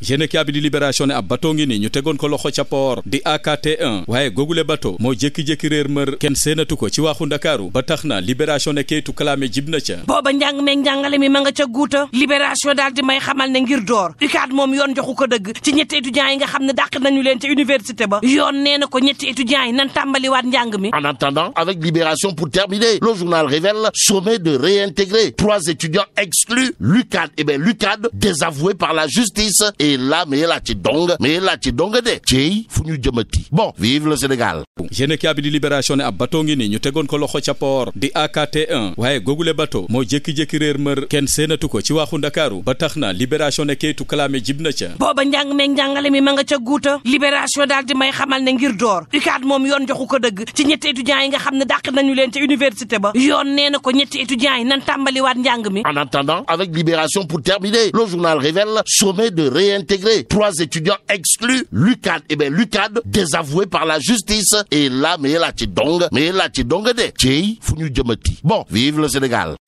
yéen kaabi di libération ne ab bateau ngi ni ñu tegoon ko loxo ca port di AKT1 waye gogule bateau mo jékki-jékki reer mer kenn séenatu ko ci waxu ndakaaru ba taxna libération ne kayitu kalaame jibna na ca booba njàng meeg njàngale mi ma nga ca guuta libération dal di may xamal ne ngir dor UCAD mom yon joxu ko deug ci ñetti étudiant yi nga xam dakk nañu leen ci université ba yon nee ko ñetti étudiant yi nan wat njàng mi en attendant avec libération pour terminer le journal révèle sommet de réintégrer trois étudiants exclus l'UCAD eh ben l'UCAD désavoué par la justice et la la mais dong dong de ci fuñu bon vive le Sénégal je ne di libération ne ab bateau ngi ni ñu tegoon ko loxo ci port di AKT1 waye gogule bateau mo jékki-jékki reer mer kenn séenatu ko ci waxu ndakaaru ba taxna na libération ne kayitu kalaame jib ca boba njàng meeg njàngale mi ma nga ca gouta libération dal di may xamal ne ngir dor ikat mom yoon joxu ko ci ñetti étudiant yi nga nañu université ba yoon na ko yi nan mi en attendant avec libération pour terminer le journal révèle sommet de réunion intégrer Trois étudiants exclus. Lucad, et eh ben Lucad, désavoué par la justice. Et là, mais a tu donc, mais a tu donc, Bon, vive le Sénégal.